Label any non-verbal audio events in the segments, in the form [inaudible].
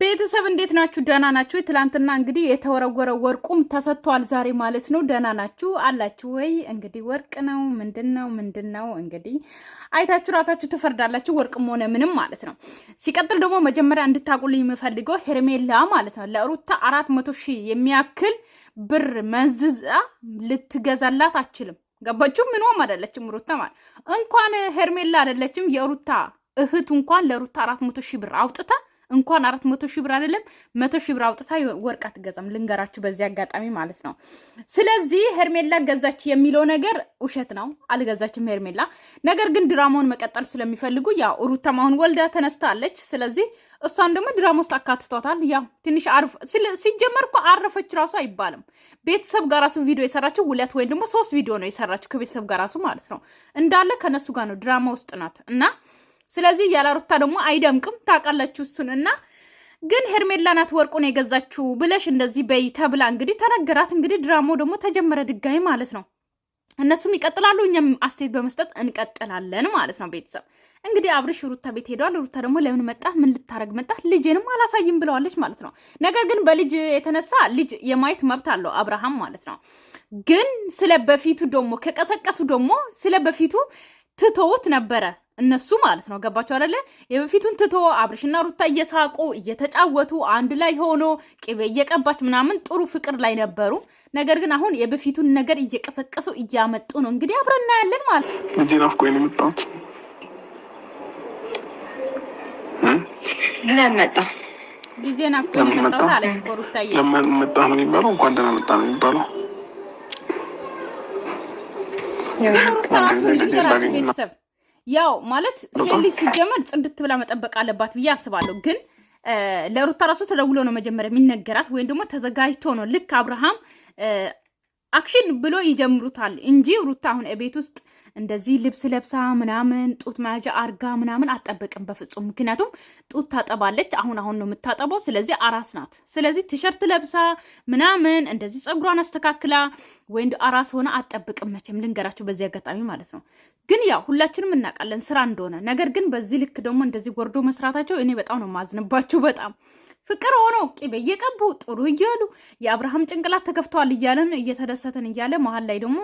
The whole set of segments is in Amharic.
ቤተሰብ እንዴት ናችሁ? ደህና ናችሁ? ትላንትና እንግዲህ የተወረወረ ወርቁም ተሰጥቷል ዛሬ ማለት ነው። ደህና ናችሁ አላችሁ ወይ? እንግዲህ ወርቅ ነው ምንድን ነው ምንድን ነው እንግዲህ አይታችሁ ራሳችሁ ትፈርዳላችሁ። ወርቅም ሆነ ምንም ማለት ነው። ሲቀጥል ደግሞ መጀመሪያ እንድታቁልኝ የምፈልገው ሄርሜላ ማለት ነው ለሩታ አራት መቶ ሺህ የሚያክል ብር መንዝዛ ልትገዛላት አችልም። ገባችሁ? ምንም አይደለችም ሩታ ማለት እንኳን ሄርሜላ አይደለችም የሩታ እህቱ እንኳን ለሩታ አራት መቶ ሺህ ብር አውጥታ እንኳን አራት መቶ ሺህ ብር አይደለም መቶ ሺህ ብር አውጥታ ወርቅ አትገዛም። ልንገራችሁ በዚህ አጋጣሚ ማለት ነው። ስለዚህ ሄርሜላ ገዛች የሚለው ነገር ውሸት ነው። አልገዛችም ሄርሜላ። ነገር ግን ድራማውን መቀጠል ስለሚፈልጉ ያው ሩታም አሁን ወልዳ ተነስታለች። ስለዚህ እሷን ደግሞ ድራማ ውስጥ አካትቷታል። ያው ትንሽ ሲጀመር እኮ አረፈች ራሱ አይባልም። ቤተሰብ ጋር ራሱ ቪዲዮ የሰራችው ሁለት ወይም ደግሞ ሶስት ቪዲዮ ነው የሰራችው ከቤተሰብ ጋር ራሱ ማለት ነው። እንዳለ ከነሱ ጋር ነው ድራማ ውስጥ ናት እና ስለዚህ ያለ ሩታ ደግሞ አይደምቅም ታውቃላችሁ። እሱን እና ግን ሄርሜላ ናት ወርቁን የገዛችው ብለሽ እንደዚህ በይ ተብላ እንግዲህ ተነገራት። እንግዲህ ድራማው ደግሞ ተጀመረ ድጋሚ ማለት ነው። እነሱም ይቀጥላሉ፣ እኛም አስተያየት በመስጠት እንቀጥላለን ማለት ነው። ቤተሰብ እንግዲህ አብርሽ ሩታ ቤት ሄደዋል። ሩታ ደግሞ ለምን መጣ፣ ምን ልታረግ መጣ፣ ልጅንም አላሳይም ብለዋለች ማለት ነው። ነገር ግን በልጅ የተነሳ ልጅ የማየት መብት አለው አብርሃም ማለት ነው። ግን ስለ በፊቱ ደግሞ ከቀሰቀሱ ደግሞ ስለ በፊቱ ትተውት ነበረ እነሱ ማለት ነው። ገባችሁ አይደለ? የበፊቱን ትቶ አብርሽና ሩታ እየሳቁ እየተጫወቱ አንድ ላይ ሆኖ ቅቤ እየቀባች ምናምን ጥሩ ፍቅር ላይ ነበሩ። ነገር ግን አሁን የበፊቱን ነገር እየቀሰቀሱ እያመጡ ነው። እንግዲህ አብረን እናያለን ማለት ነው። ነው የመጣሁት። ለምን መጣ? ጊዜ እኮ ለምን መጣ ነው የሚባለው? እንኳን ደህና መጣ ነው የሚባለው። ቤተሰብ ያው ማለት ልጅ [coughs] ሲጀመር ጽድት ብላ መጠበቅ አለባት ብዬ አስባለሁ። ግን ለሩታ ራሱ ተደውሎ ነው መጀመሪያ የሚነገራት ወይም ደግሞ ተዘጋጅቶ ነው። ልክ አብርሃም አክሽን ብሎ ይጀምሩታል እንጂ ሩታ አሁን ቤት ውስጥ እንደዚህ ልብስ ለብሳ ምናምን ጡት መያዣ አርጋ ምናምን አጠበቅም በፍጹም። ምክንያቱም ጡት ታጠባለች፣ አሁን አሁን ነው የምታጠበው። ስለዚህ አራስ ናት። ስለዚህ ቲሸርት ለብሳ ምናምን እንደዚህ ጸጉሯን አስተካክላ ወይም አራስ ሆነ አጠብቅም መቼም፣ ልንገራቸው በዚህ አጋጣሚ ማለት ነው። ግን ያው ሁላችንም እናውቃለን ስራ እንደሆነ። ነገር ግን በዚህ ልክ ደግሞ እንደዚህ ወርዶ መስራታቸው እኔ በጣም ነው ማዝንባቸው። በጣም ፍቅር ሆኖ ቂቤ እየቀቡ ጥሩ እያሉ የአብርሃም ጭንቅላት ተከፍተዋል እያለን እየተደሰትን እያለ መሀል ላይ ደግሞ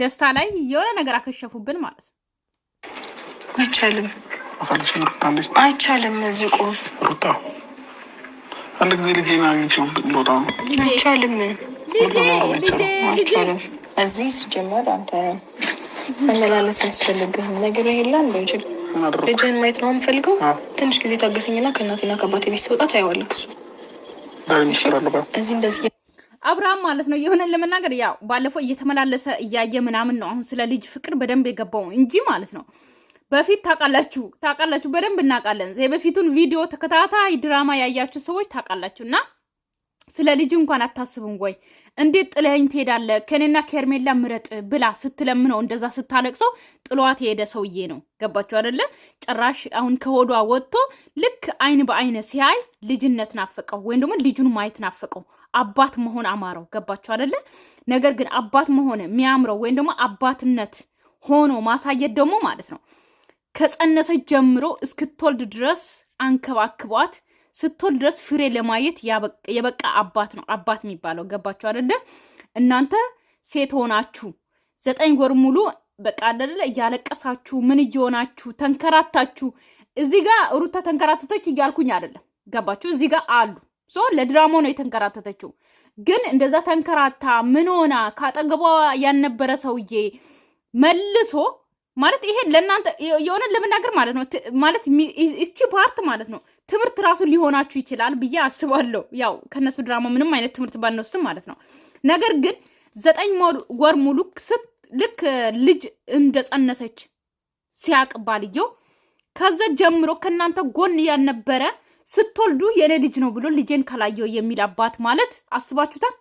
ደስታ ላይ የሆነ ነገር አከሸፉብን ማለት ነው። አይቻልም፣ አይቻልም። እዚህ አንድ ጊዜ ልጄን ነው። አይቻልም ልጄ ልጄ ልጄ እዚህ ሲጀመር አንተ መመላለስ ያስፈልግህም ነገር ይሄላ እንደ ይችል ልጅህን ማየት ነው የምፈልገው። ትንሽ ጊዜ ታገሰኝና ከእናቴና ከአባቴ ቤት ስወጣ ታየዋለህ። እሱ እዚህ እንደዚህ አብርሃም ማለት ነው የሆነን ለመናገር ያው ባለፈው እየተመላለሰ እያየ ምናምን ነው አሁን ስለ ልጅ ፍቅር በደንብ የገባው እንጂ ማለት ነው በፊት ታውቃላችሁ ታውቃላችሁ በደንብ እናውቃለን። የበፊቱን ቪዲዮ ተከታታይ ድራማ ያያችሁ ሰዎች ታውቃላችሁ እና ስለ ልጅ እንኳን አታስብም ወይ እንዴት ጥለኝ ትሄዳለ ከኔና ከሄርሜላ ምረጥ ብላ ስትለምነው እንደዛ ስታለቅሰው ጥሏት የሄደ ሰውዬ ነው። ገባችሁ አደለ? ጭራሽ አሁን ከሆዷ ወጥቶ ልክ አይን በአይነ ሲያይ ልጅነት ናፈቀው፣ ወይም ደግሞ ልጁን ማየት ናፈቀው፣ አባት መሆን አማረው። ገባችሁ አደለ? ነገር ግን አባት መሆን የሚያምረው ወይም ደግሞ አባትነት ሆኖ ማሳየት ደግሞ ማለት ነው ከጸነሰች ጀምሮ እስክትወልድ ድረስ አንከባክቧት ስትወልድ ድረስ ፍሬ ለማየት የበቃ አባት ነው አባት የሚባለው። ገባችሁ አደለ? እናንተ ሴት ሆናችሁ ዘጠኝ ወር ሙሉ በቃ አደለ እያለቀሳችሁ ምን እየሆናችሁ ተንከራታችሁ። እዚህ ጋር ሩታ ተንከራተተች እያልኩኝ አደለም። ገባችሁ? እዚህ ጋር አሉ ሶ ለድራማው ነው የተንከራተተችው። ግን እንደዛ ተንከራታ ምን ሆና ካጠገቧ ያልነበረ ሰውዬ መልሶ ማለት ይሄ ለእናንተ የሆነን ለመናገር ማለት ነው ማለት ይቺ ፓርት ማለት ነው ትምህርት ራሱ ሊሆናችሁ ይችላል ብዬ አስባለሁ። ያው ከነሱ ድራማ ምንም አይነት ትምህርት ባንወስድም ማለት ነው። ነገር ግን ዘጠኝ ወር ሙሉ ልክ ልጅ እንደጸነሰች ሲያቅ ባልየው ከዛ ጀምሮ ከእናንተ ጎን ያልነበረ ስትወልዱ የእኔ ልጅ ነው ብሎ ልጄን ከላየው የሚል አባት ማለት አስባችሁታል?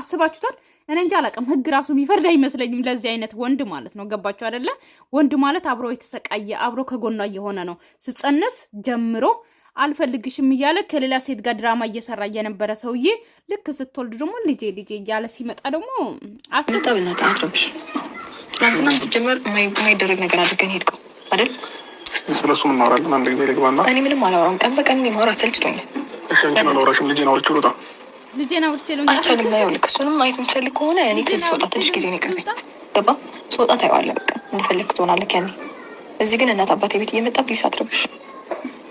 አስባችሁታል? እኔ እንጃ አላውቅም። ህግ ራሱ የሚፈርድ አይመስለኝም ለዚህ አይነት ወንድ ማለት ነው። ገባችሁ አይደለ? ወንድ ማለት አብሮ የተሰቃየ አብሮ ከጎኗ የሆነ ነው። ስጸነስ ጀምሮ አልፈልግሽም እያለ ከሌላ ሴት ጋር ድራማ እየሰራ እየነበረ ሰውዬ ልክ ስትወልድ ደግሞ ልጄ ልጄ እያለ ሲመጣ ደግሞ አስብጠብነጣረብሽ ትናንትና ሲጀመር የማይደረግ ነገር አድርገን አይደል? ስለሱ እናወራለን። አንድ ጊዜ ልግባና እኔ ምንም አላወራም። ቀን በቀን ማውራት ሰልችቶኛል። አንቺን አላወራሽም። ልጄን አውርቼ ልውጣ። ልጄን አውርቼ ልውጣ አይቻልም። ይኸውልህ እሱንም ማየት የምትፈልግ ከሆነ እኔ ከዚህ ስወጣ ትንሽ ጊዜ ነው የቀረኝ። ገባ ስወጣ ታየዋለህ። በቃ እንደፈለግ ትሆናለህ። እዚህ ግን እናት አባቴ ቤት እየመጣ አትረብሽ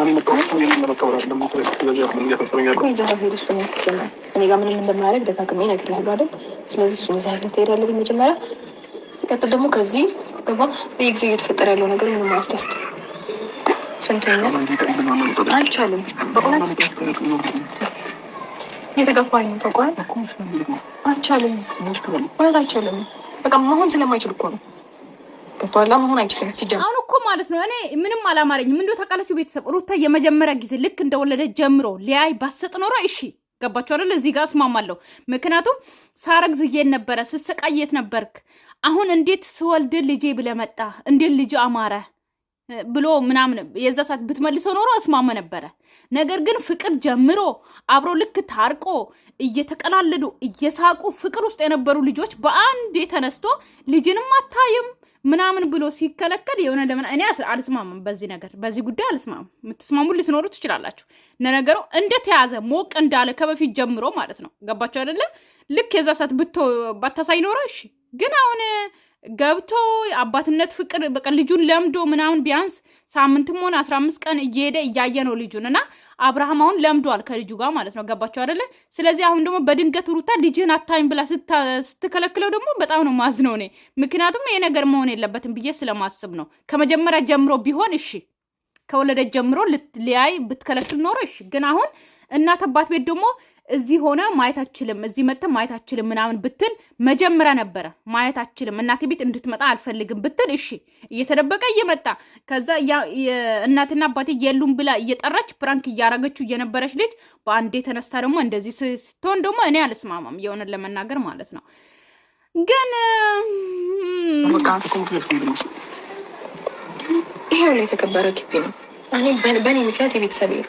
እኔ ጋር ምንም እንደማያደርግ ደጋግሜ እነግርሃለሁ አይደል? ስለዚህ እሱን እዛ ትሄዳለህ መጀመሪያ። ሲቀጥል ደግሞ ከዚህ በየጊዜው እየተፈጠረ ያለው ነገር ምንም አያስደስት ስንተኛ አይቻልም። በእውነት ነው። ታውቀዋለህ። አይቻልም፣ እውነት አይቻልም። በቃ መሆን ስለማይችል እኮ ነው ገብቶሃል። መሆን አይችልም። ሲጀምር አሁን እኮ ማለት ነው እኔ ምንም አላማረኝም። ምንድ ታውቃላችሁ ቤተሰብ ሩታ የመጀመሪያ ጊዜ ልክ እንደወለደ ጀምሮ ሊያይ ባሰጥ ኖሮ እሺ ገባችሁ አይደል? እዚህ ጋር እስማማለሁ። ምክንያቱም ሳረግዝ የት ነበረ ስሰቃየት ነበርክ? አሁን እንዴት ስወልድ ልጄ ብለህ መጣህ? እንዴት ልጅ አማረ ብሎ ምናምን የዛ ሰዓት ብትመልሰው ኖሮ እስማመ ነበረ። ነገር ግን ፍቅር ጀምሮ አብሮ ልክ ታርቆ እየተቀላለዱ እየሳቁ ፍቅር ውስጥ የነበሩ ልጆች በአንድ የተነስቶ ልጅንም አታይም ምናምን ብሎ ሲከለከል የሆነ ለምን እኔ አልስማምም። በዚህ ነገር በዚህ ጉዳይ አልስማም የምትስማሙ ልትኖሩ ትችላላችሁ። ነገሩ እንደተያዘ ሞቅ እንዳለ ከበፊት ጀምሮ ማለት ነው። ገባችሁ አይደለ? ልክ የዛ ሰዓት ብቶ ባታሳይ ኖረ። እሺ፣ ግን አሁን ገብቶ አባትነት ፍቅር በቃ ልጁን ለምዶ ምናምን ቢያንስ ሳምንትም ሆነ አስራ አምስት ቀን እየሄደ እያየ ነው ልጁን እና አብርሃም አሁን ለምዷል ከልጁ ጋር ማለት ነው። ገባቸው አደለ ስለዚህ አሁን ደግሞ በድንገት ሩታ ልጅህን አታይም ብላ ስትከለክለው ደግሞ በጣም ነው ማዝነው እኔ። ምክንያቱም ይሄ ነገር መሆን የለበትም ብዬ ስለማስብ ነው። ከመጀመሪያ ጀምሮ ቢሆን እሺ፣ ከወለደች ጀምሮ ሊያይ ብትከለክል ኖሮ እሺ። ግን አሁን እናት አባት ቤት ደግሞ እዚህ ሆነ ማየት አችልም፣ እዚህ መጥተ ማየት አችልም ምናምን ብትል መጀመሪያ ነበረ ማየት አችልም፣ እናቴ ቤት እንድትመጣ አልፈልግም ብትል፣ እሺ እየተደበቀ እየመጣ ከዛ እናትና አባቴ የሉም ብላ እየጠራች ፕራንክ እያረገችው እየነበረች ልጅ በአንዴ የተነሳ ደግሞ እንደዚህ ስትሆን ደግሞ እኔ አልስማማም፣ የሆነ ለመናገር ማለት ነው። ግን ይሄ የተከበረ ግቢ ነው። በእኔ ምክንያት የቤተሰብ ነው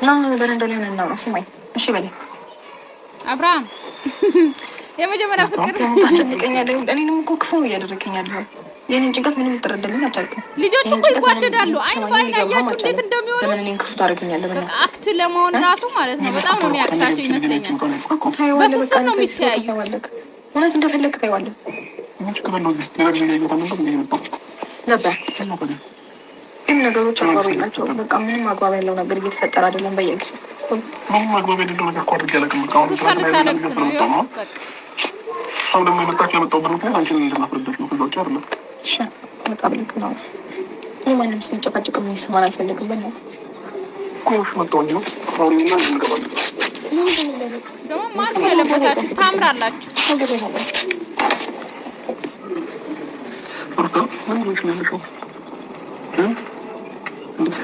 ምናምን በረንዳ ላይ ሆነን እናውራ። ስማኝ እሺ በለኝ አብርሃም። [laughs] የመጀመሪያ ፍቅር ታስጨንቀኛለህ። እኔንም እኮ ክፉ ነው እያደረገኛለሁ። የኔን ጭንቀት ምንም ልትረዳልኝ አልቻልክም። ልጆቹ እኮ ይዋደዳሉ። አይን ባይን አያችሁ እንዴት እንደሚሆኑ። ለምን እኔን ክፉ ታደርገኛለህ? በቃ አክት ለመሆን ራሱ ማለት ነው በጣም ነው የሚያቅታቸው ይመስለኛል። በስሱ ነው የሚተያዩ። እውነት እንደፈለግ ታይዋለህ ነበር ግን ነገሮች አግባብ ናቸው። በቃ ምንም አግባብ ያለው ነገር እየተፈጠረ አይደለም። በየጊዜው ምንም አግባብ የሌለው ነገር አድርግ ደግሞ የመጣች ያመጣሁበት ምክንያት አንቺን እንድናፍርበት ነው። ከዛ አለ በጣም ልክ ነው። ይህ ማንም ስንጨቃጭቅ የሚሰማን አልፈልግም። በ ኮሽ መጣሁ እንጂ ና እንገባለን። ደግሞ ማርክ ያለበታችሁ ታምራላችሁ። ሩታ ምን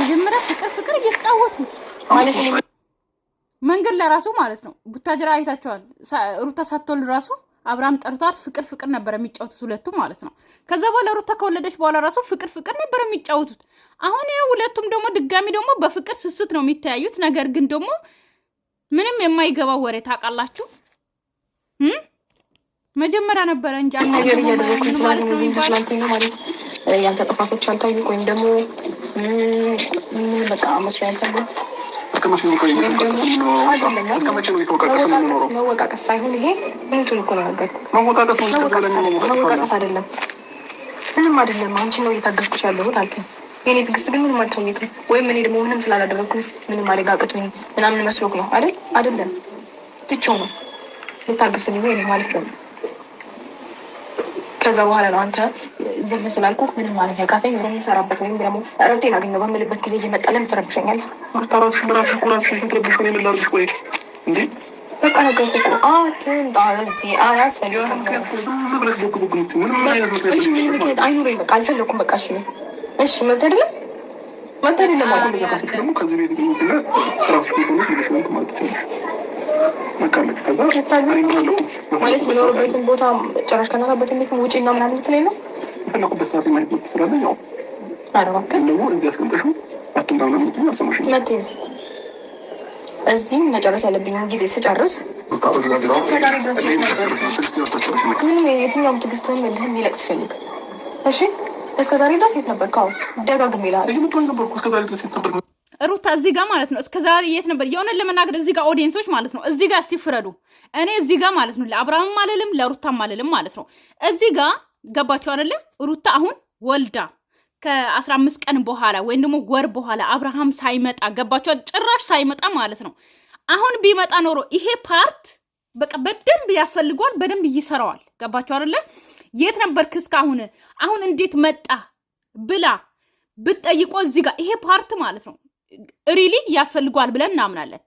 መጀመሪያ ፍቅር ፍቅር እየተጫወቱ መንገድ ለራሱ ማለት ነው። ቡታጅራ አይታቸዋል። ሩታ ሳትወልድ ራሱ አብርሃም ጠርቷት ፍቅር ፍቅር ነበር የሚጫወቱት ሁለቱ ማለት ነው። ከዛ በኋላ ሩታ ከወለደች በኋላ ራሱ ፍቅር ፍቅር ነበር የሚጫወቱት። አሁን ይሄ ሁለቱም ደግሞ ድጋሚ ደግሞ በፍቅር ስስት ነው የሚተያዩት። ነገር ግን ደግሞ ምንም የማይገባው ወሬ ታውቃላችሁ። መጀመሪያ ነበረ እንጂ ነገር እያደረኩ ስላለ ነው ማለት ነው ያንተ ጥፋቶች አልታዩ ወይም ደግሞ በቃ መስሎ ያልታዩ መወቃቀስ ሳይሆን ይሄ እህቱን እኮ ነው ያገርኩት። መወቃቀስ አይደለም፣ ምንም አይደለም። አንቺን ነው እየታገስኩሽ ያለሁት አልከኝ። የኔ ትዕግስት ግን ምንም አልታወቅም። ወይም እኔ ደግሞ ምንም ስላላደረግኩ ምንም አደጋቅት ወይም ምናምን መስሎክ ነው አይደል? አይደለም፣ ትቼው ነው ልታገስልኝ ወይ ማለት ነው። ከዛ በኋላ ነው አንተ ዝም ስላልኩ ምንም ያካተኝ ወደ የምሰራበት ወይም ደግሞ እረፍቴን አገኘሁ በምልበት ጊዜ እየመጣ ለምን ትረብሸኛለህ? በቃ ነገር እኮ አትምጣ እዚህ አያስፈልግም። እሺ በቃ አልፈለኩም። በቃ እሺ እሺ መብት አይደለም መብት አይደለም መካለች። ከዛ ነው። እዚህ መጨረስ ያለብኝን ጊዜ ስጨርስ ምንም የትኛውም ትዕግስትህም ልህም ይለቅ ስፈልግ እሺ። እስከዛሬ ድረስ የት ነበር? ካሁ ደጋግሜ እልሃለሁ። ሩታ እዚህ ጋር ማለት ነው። እስከዛሬ የት ነበር? የሆነን ለመናገር እዚህ ጋር ኦዲየንሶች ማለት ነው፣ እዚህ ጋር እስቲ ፍረዱ። እኔ እዚህ ጋር ማለት ነው ለአብርሃምም አልልም ለሩታም አልልም ማለት ነው። እዚህ ጋር ገባቸው አይደለ? ሩታ አሁን ወልዳ ከአስራ አምስት ቀን በኋላ ወይም ደግሞ ወር በኋላ አብርሃም ሳይመጣ ገባቸው፣ ጭራሽ ሳይመጣ ማለት ነው። አሁን ቢመጣ ኖሮ ይሄ ፓርት በቃ በደንብ ያስፈልገዋል፣ በደንብ ይሰራዋል። ገባቸው አይደለ? የት ነበርክ እስካሁን? አሁን እንዴት መጣ ብላ ብትጠይቆ እዚህ ጋር ይሄ ፓርት ማለት ነው ሪሊ ያስፈልጓል ብለን እናምናለን።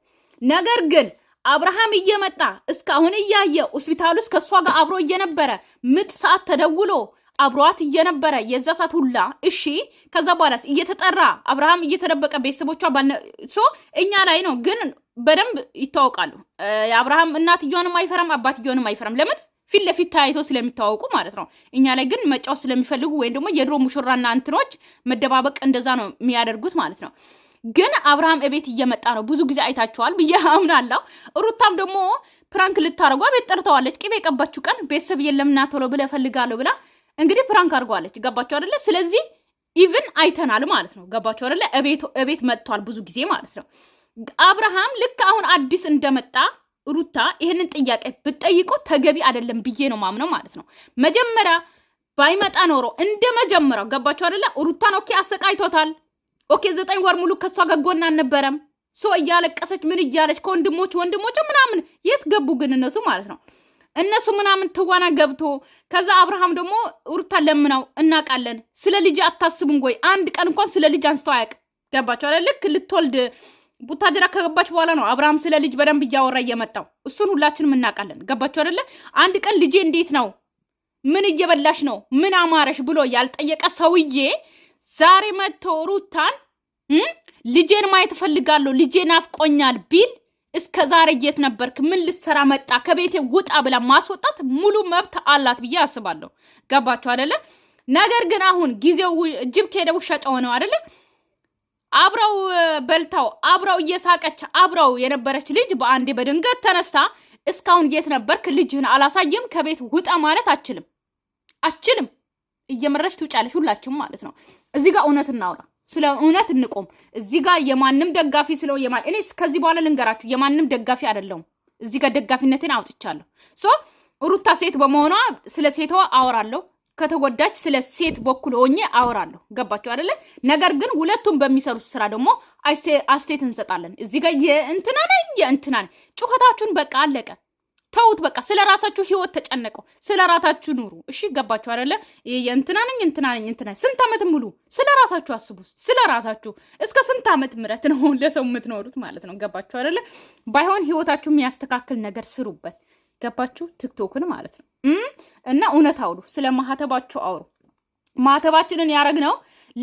ነገር ግን አብርሃም እየመጣ እስካሁን እያየ ሆስፒታል ውስጥ ከእሷ ጋር አብሮ እየነበረ ምጥ ሰዓት ተደውሎ አብሯት እየነበረ የዛ ሰዓት ሁላ እሺ። ከዛ በኋላስ እየተጠራ አብርሃም እየተደበቀ ቤተሰቦቿ ሶ እኛ ላይ ነው ግን በደንብ ይታወቃሉ። የአብርሃም እናትየውንም አይፈራም፣ አባትየውንም አይፈራም። ለምን ፊት ለፊት ተያይቶ ስለሚታወቁ ማለት ነው። እኛ ላይ ግን መጫወት ስለሚፈልጉ ወይም ደግሞ የድሮ ሙሽራና እንትኖች መደባበቅ እንደዛ ነው የሚያደርጉት ማለት ነው። ግን አብርሃም እቤት እየመጣ ነው፣ ብዙ ጊዜ አይታችኋል ብዬ አምናለሁ። ሩታም ደግሞ ፕራንክ ልታደርጓ ቤት ጠርተዋለች። ቅቤ የቀባችሁ ቀን ቤተሰብ የለምና ና ቶሎ ብለህ እፈልጋለሁ ብላ እንግዲህ ፕራንክ አድርጓለች። ገባችሁ አደለ? ስለዚህ ኢቭን አይተናል ማለት ነው። ገባችሁ አደለ? እቤት መጥቷል ብዙ ጊዜ ማለት ነው። አብርሃም ልክ አሁን አዲስ እንደመጣ ሩታ ይህንን ጥያቄ ብጠይቆ ተገቢ አይደለም ብዬ ነው ማምነው ማለት ነው። መጀመሪያ ባይመጣ ኖሮ እንደ መጀመሪያው ገባችሁ አደለ? ሩታን ኦኬ አሰቃይቶታል ኦኬ ዘጠኝ ወር ሙሉ ከእሷ ጋር ጎን አልነበረም። ሶ እያለቀሰች ምን እያለች ከወንድሞች ወንድሞች ምናምን የት ገቡ ግን እነሱ ማለት ነው እነሱ ምናምን ትዋና ገብቶ ከዛ አብርሃም ደግሞ ሩታ ለምናው እናውቃለን። ስለ ልጅ አታስቡም ወይ? አንድ ቀን እንኳን ስለ ልጅ አንስቶ አያውቅም። ገባቸው አለ። ልክ ልትወልድ ቡታጀራ ከገባች በኋላ ነው አብርሃም ስለ ልጅ በደንብ እያወራ እየመጣው። እሱን ሁላችንም እናውቃለን። ገባቸው አደለ? አንድ ቀን ልጄ እንዴት ነው፣ ምን እየበላሽ ነው፣ ምን አማረሽ ብሎ ያልጠየቀ ሰውዬ ዛሬ መጥቶ ሩታን ልጄን ማየት እፈልጋለሁ ልጄን አፍቆኛል ቢል እስከ ዛሬ የት ነበርክ? ምን ልሰራ መጣ? ከቤቴ ውጣ ብላ ማስወጣት ሙሉ መብት አላት ብዬ አስባለሁ። ገባችሁ አደለ? ነገር ግን አሁን ጊዜው ጅብ ከሄደ ውሻ ጨው ነው አደለ? አብረው በልታው አብረው እየሳቀች አብረው የነበረች ልጅ በአንዴ በድንገት ተነስታ እስካሁን የት ነበርክ? ልጅህን አላሳየም ከቤት ውጣ ማለት አችልም አችልም። እየመረሽ ትውጫለሽ፣ ሁላችሁም ማለት ነው። እዚህ ጋር እውነት እናውራ፣ ስለ እውነት እንቆም። እዚህ ጋር የማንም ደጋፊ ስለው የማ እኔ ከዚህ በኋላ ልንገራችሁ፣ የማንም ደጋፊ አይደለሁም። እዚህ ጋር ደጋፊነትን አውጥቻለሁ። ሶ ሩታ ሴት በመሆኗ ስለ ሴቷ አወራለሁ ከተጎዳች ስለ ሴት በኩል ሆኜ አወራለሁ። ገባችሁ አይደለ? ነገር ግን ሁለቱም በሚሰሩት ስራ ደግሞ አስቴት እንሰጣለን። እዚህ ጋር የእንትና ነኝ የእንትና ነኝ ጩኸታችሁን በቃ አለቀ። ተውት በቃ ስለ ራሳችሁ ህይወት ተጨነቁ። ስለ ራታችሁ ኑሩ። እሺ ገባችሁ አይደለ? የእንትና ነኝ እንትና ነኝ እንትና ስንት ዓመት ሙሉ ስለ ራሳችሁ አስቡ። ስለ ራሳችሁ እስከ ስንት ዓመት ምረት ነው [laughs] ለሰው የምትኖሩት ማለት ነው። ገባችሁ አይደለ? ባይሆን ህይወታችሁ የሚያስተካክል ነገር ስሩበት። ገባችሁ? ቲክቶክን ማለት ነው እና እውነት አውሉ ስለ ማህተባችሁ አውሩ። ማህተባችንን ነው?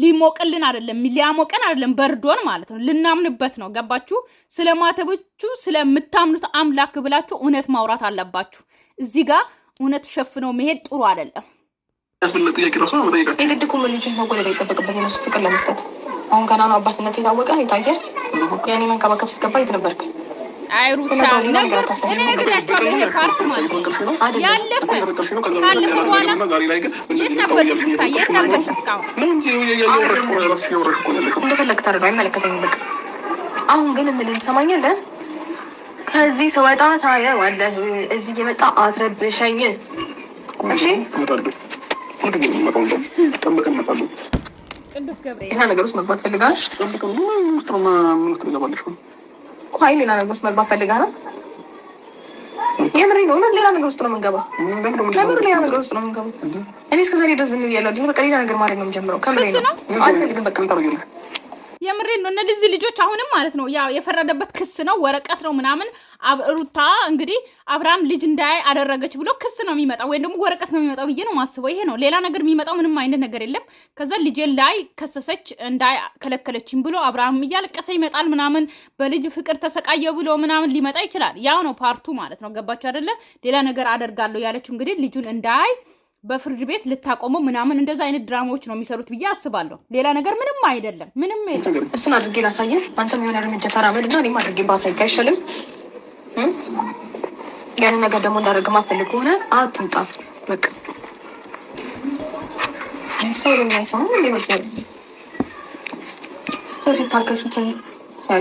ሊሞቅልን አይደለም ሊያሞቀን አይደለም በርዶን ማለት ነው። ልናምንበት ነው። ገባችሁ? ስለ ማተቦቹ ስለምታምኑት አምላክ ብላችሁ እውነት ማውራት አለባችሁ። እዚህ ጋር እውነት ሸፍነው መሄድ ጥሩ አይደለም። የግድ እኮ ልጅን መወለድ አይጠበቅበት የነሱ ፍቅር ለመስጠት አሁን ገና ነው አባትነት የታወቀ የታየ የእኔ መንከባከብ ሲገባ የት ነበርክ? አሁን ግን የምልህ ትሰማኛለህ? ከዚህ ስወጣ ታየዋለህ። እዚህ የመጣ አትረብሸኝ ቅዱስ ገብርኤል ነገር ውስጥ መግባት ፈልጋል ቆይ ሌላ ነገር ውስጥ መግባት ፈልጋ ነው። የምሬ ነው። እውነት ሌላ ነገር ውስጥ ነው የምንገባው። ከምር ሌላ ነገር ውስጥ ነው የምንገባው። እኔ እስከዛሬ ደስ የሚል ያለው በቃ ሌላ ነገር ማድረግ ነው የምጀምረው። ከምሬ ነው። አልፈልግም በቃ የምሬን ነው። እነዚህ ልጆች አሁንም ማለት ነው ያው የፈረደበት ክስ ነው፣ ወረቀት ነው ምናምን። ሩታ እንግዲህ አብርሃም ልጅ እንዳያይ አደረገች ብሎ ክስ ነው የሚመጣው ወይም ደግሞ ወረቀት ነው የሚመጣው ብዬ ነው ማስበው። ይሄ ነው ሌላ ነገር የሚመጣው ምንም አይነት ነገር የለም። ከዛ ልጅ ላይ ከሰሰች እንዳይ ከለከለችም ብሎ አብርሃም እያለቀሰ ይመጣል ምናምን፣ በልጅ ፍቅር ተሰቃየ ብሎ ምናምን ሊመጣ ይችላል። ያው ነው ፓርቱ ማለት ነው። ገባችሁ አይደለ? ሌላ ነገር አደርጋለሁ ያለችው እንግዲህ ልጁን እንዳይ በፍርድ ቤት ልታቆሙ ምናምን እንደዛ አይነት ድራማዎች ነው የሚሰሩት ብዬ አስባለሁ። ሌላ ነገር ምንም አይደለም፣ ምንም የለም። እሱን አድርጌ ላሳየ አንተም የሆነ እርምጃ ተራመድ እና እኔም አድርጌ ባሳይክ አይሻልም? ያን ነገር ደግሞ እንዳደርግ ማፈልግ ከሆነ አትምጣ። በቃ ሰው የሚያይሰሙ ሰው ሲታከሱትን ሳይ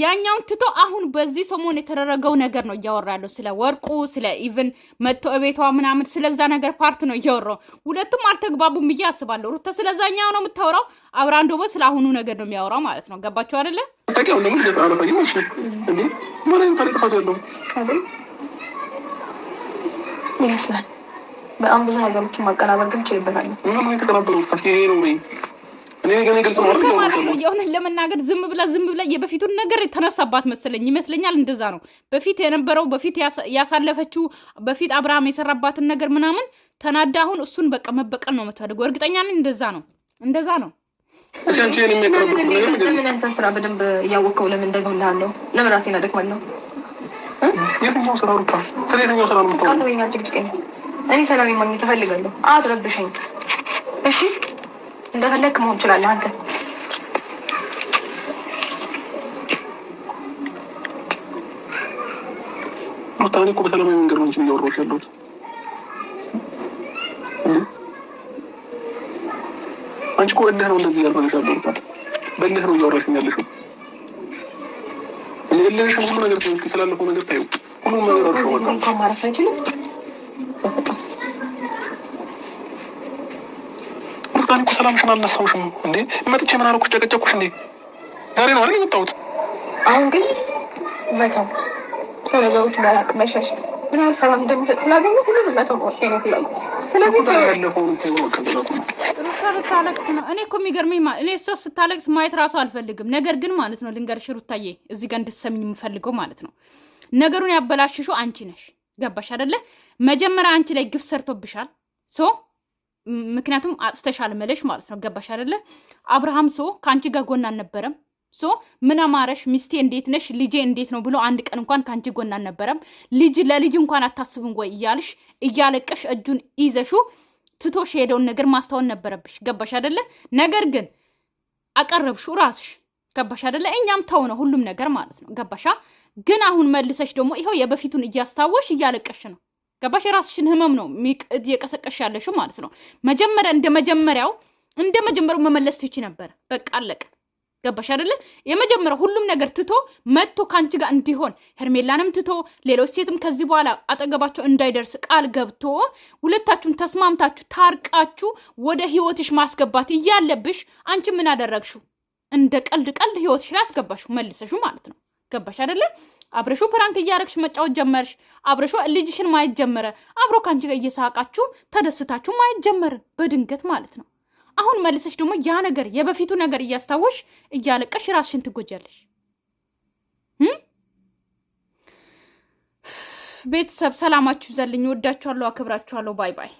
ያኛውን ትቶ አሁን በዚህ ሰሞን የተደረገው ነገር ነው እያወራ ያለው ስለ ወርቁ ስለ ኢቭን መቶ ቤቷ ምናምን ስለዛ ነገር ፓርት ነው እያወራው። ሁለቱም አልተግባቡም ብዬ አስባለሁ። ሩታ ስለዛኛው ነው የምታወራው፣ አብራንዶበ ስለ አሁኑ ነገር ነው የሚያወራው ማለት ነው። ገባቸው አደለ? ይመስላል በጣም ብዙ ነገሮችን ማቀናበር ግን ችልበታለ የሆነ ለመናገር ዝም ብላ ዝም ብላ የበፊቱን ነገር የተነሳባት መሰለኝ ይመስለኛል። እንደዛ ነው በፊት የነበረው በፊት ያሳለፈችው በፊት አብርሃም የሰራባትን ነገር ምናምን ተናዳ አሁን እሱን በቃ መበቀል ነው የምታደርገው። እርግጠኛ ነኝ እንደዛ ነው እንደዛ ነው። ስራ በደንብ እያወቀው ለምን ለምን ራሴን የትኛው ስራ ሩታ? ስለ የትኛው ስራ ነው እኔ ሰላም ማግኘት እፈልጋለሁ። አትረብሸኝ እሺ እንደፈለግ መሆን ይችላል። አንተ። ሩታኔ እኮ በሰላማዊ መንገድ ነው እንጂ እያወራሁሽ ያለሁት አንቺ እኮ እልህ ነው እንደዚህ እያልኩልሽ ያለው በእልህ ነው እያወራሽኝ ያለሽው። እልህሽን ሁሉ ነገር ስላለፈው ነገር ታዩ ሁሉም ነገር አርሸዋል ማረፍ አይችልም። መጣን እኮ ሰላምሽን አልነሳውሽም እንዴ? መጥቼ ምን አልኩሽ? ጨቀጨኩሽ እንዴ? ዛሬ ነው አይደል የመጣሁት። አሁን ግን መተው ነገሮች መላክ መሸሽ ምን ያህል ሰላም እንደሚሰጥ ስላገኘ ሁሉም መተው ነው። ስለዚህ ስታለቅስ ነው እኔ እኮ የሚገርመኝ እኔ ሰው ስታለቅስ ማየት ራሱ አልፈልግም። ነገር ግን ማለት ነው ልንገርሽ ሩታዬ፣ እዚህ ጋር እንድትሰሚኝ የምፈልገው ማለት ነው ነገሩን ያበላሽሹ አንቺ ነሽ። ገባሽ አይደለ? መጀመሪያ አንቺ ላይ ግፍ ሰርቶብሻል ሶ ምክንያቱም አጥፍተሻል መለሽ ማለት ነው። ገባሽ አይደለ? አብርሃም ሶ ከአንቺ ጋር ጎን አልነበረም። ሶ ምን አማረሽ ሚስቴ እንዴት ነሽ ልጄ እንዴት ነው ብሎ አንድ ቀን እንኳን ከአንቺ ጎን አልነበረም። ልጅ ለልጅ እንኳን አታስብም ወይ እያልሽ እያለቀሽ እጁን ይዘሹ ትቶሽ የሄደውን ነገር ማስታወን ነበረብሽ። ገባሽ አይደለ? ነገር ግን አቀረብሹ ራስሽ። ገባሽ አይደለ? እኛም ተው ነው ሁሉም ነገር ማለት ነው። ገባሻ? ግን አሁን መልሰሽ ደግሞ ይኸው የበፊቱን እያስታወሽ እያለቀሽ ነው ገባሽ? የራስሽን ህመም ነው እየቀሰቀሽ ያለሹ ማለት ነው። መጀመሪያ እንደ መጀመሪያው እንደ መጀመሪያው መመለስ ትች ነበር። በቃ አለቀ። ገባሽ አይደለ? የመጀመሪያ ሁሉም ነገር ትቶ መጥቶ ከአንቺ ጋር እንዲሆን ሄርሜላንም ትቶ ሌሎች ሴትም ከዚህ በኋላ አጠገባቸው እንዳይደርስ ቃል ገብቶ ሁለታችሁም ተስማምታችሁ ታርቃችሁ ወደ ህይወትሽ ማስገባት እያለብሽ አንቺ ምን አደረግሽው? እንደ ቀልድ ቀልድ ህይወትሽ ላይ አስገባሽው መልሰሽው ማለት ነው። ገባሽ አይደለ? አብረሹ ፕራንክ እያረግሽ መጫወት ጀመርሽ። አብረሹ ልጅሽን ማየት ጀመረ። አብሮ ከአንቺ ጋር እየሳቃችሁ ተደስታችሁ ማየት ጀመር፣ በድንገት ማለት ነው። አሁን መልሰሽ ደግሞ ያ ነገር የበፊቱ ነገር እያስታወሽ እያለቀሽ ራስሽን ትጎጃለሽ። ቤተሰብ ሰላማችሁ ይብዛልኝ። ወዳችኋለሁ፣ አክብራችኋለሁ። ባይ ባይ